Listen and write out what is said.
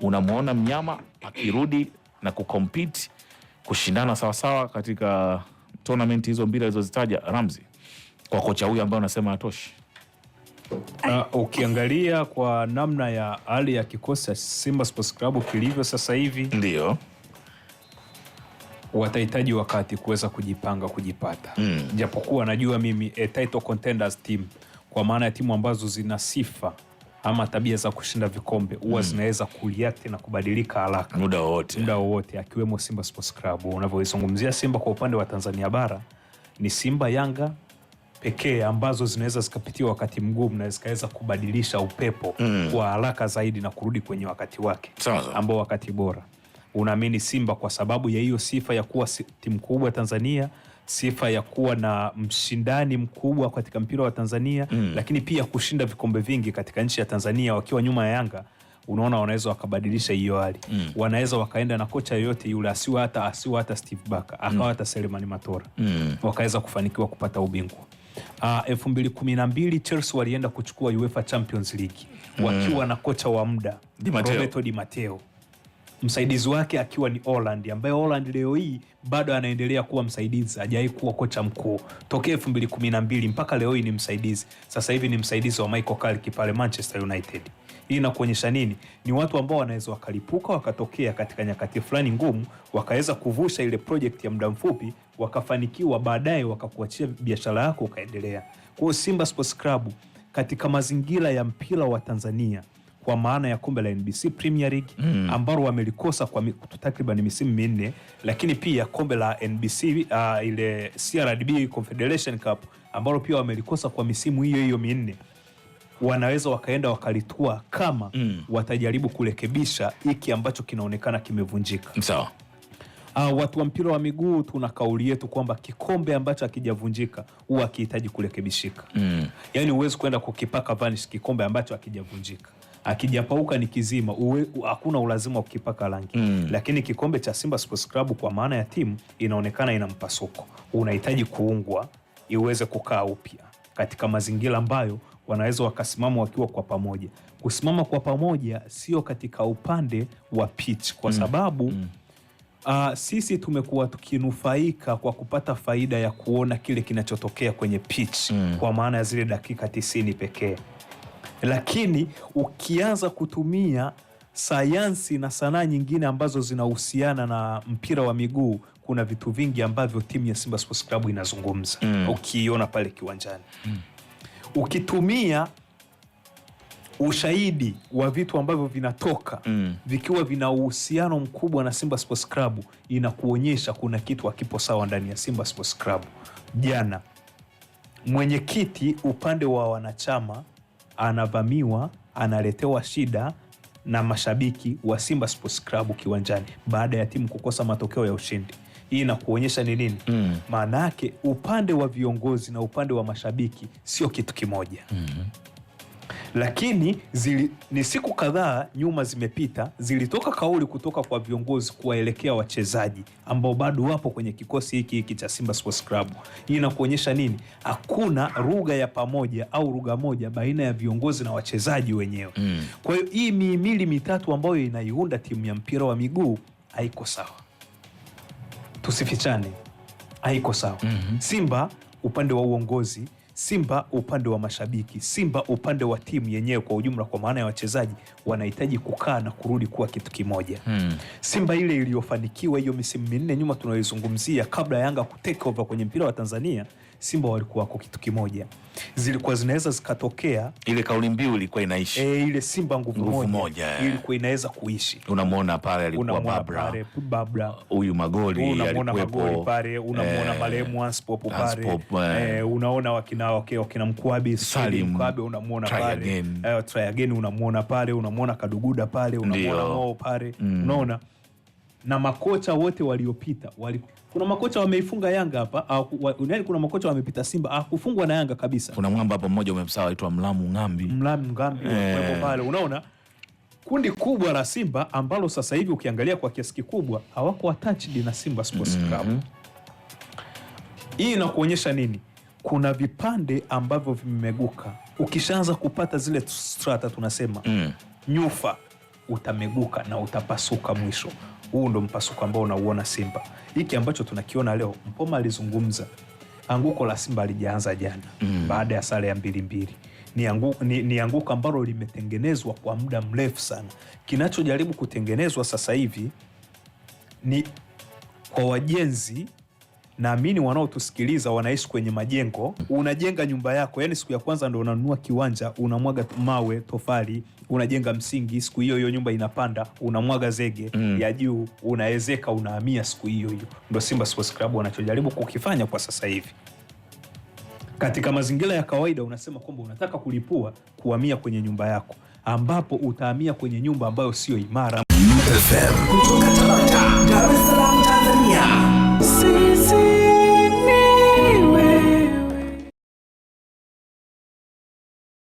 unamwona mnyama akirudi na kukompiti kushindana sawasawa katika tournament hizo mbili alizozitaja Ramzi, kwa kocha huyu ambaye anasema atoshi Uh, ukiangalia kwa namna ya hali ya kikosi cha Simba Sports Club kilivyo sasa hivi, ndio watahitaji wakati kuweza kujipanga kujipata, mm. Japokuwa najua mimi a eh, title contenders team kwa maana ya timu ambazo zina sifa ama tabia za kushinda vikombe huwa mm. zinaweza kuliati na kubadilika haraka muda wowote muda wowote, akiwemo Simba Sports Club. Unavyoizungumzia Simba kwa upande wa Tanzania bara ni Simba, Yanga pekee ambazo zinaweza zikapitia wakati mgumu na zikaweza kubadilisha upepo mm. kwa haraka zaidi na kurudi kwenye wakati wake ambao wakati bora. Unaamini Simba kwa sababu ya hiyo sifa ya kuwa timu kubwa Tanzania sifa ya kuwa na mshindani mkubwa katika mpira wa Tanzania mm. Lakini pia kushinda vikombe vingi katika nchi ya Tanzania wakiwa nyuma ya Yanga, unaona wanaweza wakabadilisha hiyo hali mm. Wanaweza wakaenda na kocha yoyote yule, asiwa hata asiwa hata Steve Barker akawa mm. Selemani matora mm. wakaweza kufanikiwa kupata ubingwa. Ah, elfu mbili kumi na mbili Chelsea walienda kuchukua UEFA Champions League mm. wakiwa mm. na kocha wa muda Roberto Di Matteo msaidizi wake akiwa ni Holland, ambaye Holland leo hii bado anaendelea kuwa msaidizi, hajawahi kuwa kocha mkuu tokea 2012 mpaka leo hii ni msaidizi. Sasa hivi ni msaidizi wa Michael Carrick pale Manchester United. Hii inakuonyesha nini? Ni watu ambao wanaweza wakalipuka wakatokea katika nyakati fulani ngumu, wakaweza kuvusha ile project ya muda mfupi, wakafanikiwa, baadaye wakakuachia biashara yako ukaendelea. Kwa hiyo Simba Sports Club katika mazingira ya mpira wa Tanzania kwa maana ya kombe la NBC Premier League mm. ambalo wamelikosa kwa takriban misimu minne, lakini pia kombe la NBC uh, ah, ile CRDB Confederation Cup ambalo pia wamelikosa kwa misimu hiyo hiyo minne wanaweza wakaenda wakalitua kama mm. watajaribu kurekebisha hiki ambacho kinaonekana kimevunjika. Sawa. Uh, watu wa mpira wa miguu tuna kauli yetu kwamba kikombe ambacho hakijavunjika huwa akihitaji kurekebishika mm. Yaani huwezi kwenda kukipaka vanish kikombe ambacho hakijavunjika akijapauka ni kizima, hakuna ulazima wa kukipaka rangi mm. Lakini kikombe cha Simba Sports Club kwa maana ya timu inaonekana ina mpasuko, unahitaji kuungwa iweze kukaa upya katika mazingira ambayo wanaweza wakasimama wakiwa kwa pamoja. Kusimama kwa pamoja sio katika upande wa pitch, kwa mm. sababu mm. Uh, sisi tumekuwa tukinufaika kwa kupata faida ya kuona kile kinachotokea kwenye pitch mm. kwa maana ya zile dakika tisini pekee lakini ukianza kutumia sayansi na sanaa nyingine ambazo zinahusiana na mpira wa miguu, kuna vitu vingi ambavyo timu ya Simba Sports Club inazungumza mm. Ukiiona pale kiwanjani mm. ukitumia ushahidi wa vitu ambavyo vinatoka mm. vikiwa vina uhusiano mkubwa na Simba Sports Club, inakuonyesha kuna kitu hakipo sawa ndani ya Simba Sports Club. Jana mwenyekiti upande wa wanachama anavamiwa, analetewa shida na mashabiki wa Simba Sports Club kiwanjani baada ya timu kukosa matokeo ya ushindi. Hii inakuonyesha ni nini? mm. Maana yake upande wa viongozi na upande wa mashabiki sio kitu kimoja. mm -hmm. Lakini zili, ni siku kadhaa nyuma zimepita, zilitoka kauli kutoka kwa viongozi kuwaelekea wachezaji ambao bado wapo kwenye kikosi hiki hiki cha Simba Sports Club. Hii inakuonyesha nini? Hakuna lugha ya pamoja au lugha moja baina ya viongozi na wachezaji wenyewe mm. Kwa hiyo hii mihimili mitatu ambayo inaiunda timu ya mpira wa miguu haiko sawa, tusifichane, haiko sawa mm -hmm. Simba upande wa uongozi Simba upande wa mashabiki, Simba upande wa timu yenyewe kwa ujumla, kwa maana ya wachezaji, wanahitaji kukaa na kurudi kuwa kitu kimoja hmm. Simba ile iliyofanikiwa hiyo misimu minne nyuma tunayoizungumzia kabla Yanga kuteka over kwenye mpira wa Tanzania Simba walikuwa wako kitu kimoja, zilikuwa zinaweza zikatokea, ile kauli mbiu ilikuwa inaishi e, ile Simba nguvu moja, moja eh. ilikuwa inaweza kuishi. Unamwona pale alikuwa Babra, Babra huyu magoli, unamwona magoli pale, unamwona e, marehemu Anspop pale, e, unaona wakina wake wakina Mkwabi Salim Mkwabi, unamwona pale, try again unamwona pale, unamwona Kaduguda pale, unamwona Mo pale, mm. unaona na makocha wote waliopita wali... kuna makocha wameifunga Yanga hapa au, kuna makocha wamepita Simba akufungwa na Yanga kabisa. Kuna mwamba hapo mmoja umemsahau, aitwa Mlamu Ngambi, Mlamu Ngambi eh, pale unaona kundi kubwa la Simba ambalo sasa hivi ukiangalia kwa kiasi kikubwa hawako attached na Simba Sports mhm. Club mm hmm hii Inakuonyesha nini? Kuna vipande ambavyo vimeguka ukishaanza kupata zile strata tunasema mm. nyufa utameguka na utapasuka mwisho. Huu ndo mpasuko ambao unauona Simba. Hiki ambacho tunakiona leo, Mpoma alizungumza anguko la Simba alijaanza jana mm. baada ya sare ya mbili mbili ni, angu, ni, ni anguko ambalo limetengenezwa kwa muda mrefu sana. Kinachojaribu kutengenezwa sasa hivi ni kwa wajenzi naamini wanaotusikiliza wanaishi kwenye majengo, unajenga nyumba yako, yani siku ya kwanza ndo unanunua kiwanja, unamwaga mawe, tofali, unajenga msingi, siku hiyo hiyo nyumba inapanda, unamwaga zege mm. ya juu, unawezeka unahamia siku hiyo hiyo. Ndo Simba Sports Club wanachojaribu kukifanya kwa sasa hivi. Katika mazingira ya kawaida, unasema kwamba unataka kulipua, kuhamia kwenye nyumba yako, ambapo utahamia kwenye nyumba ambayo sio imara.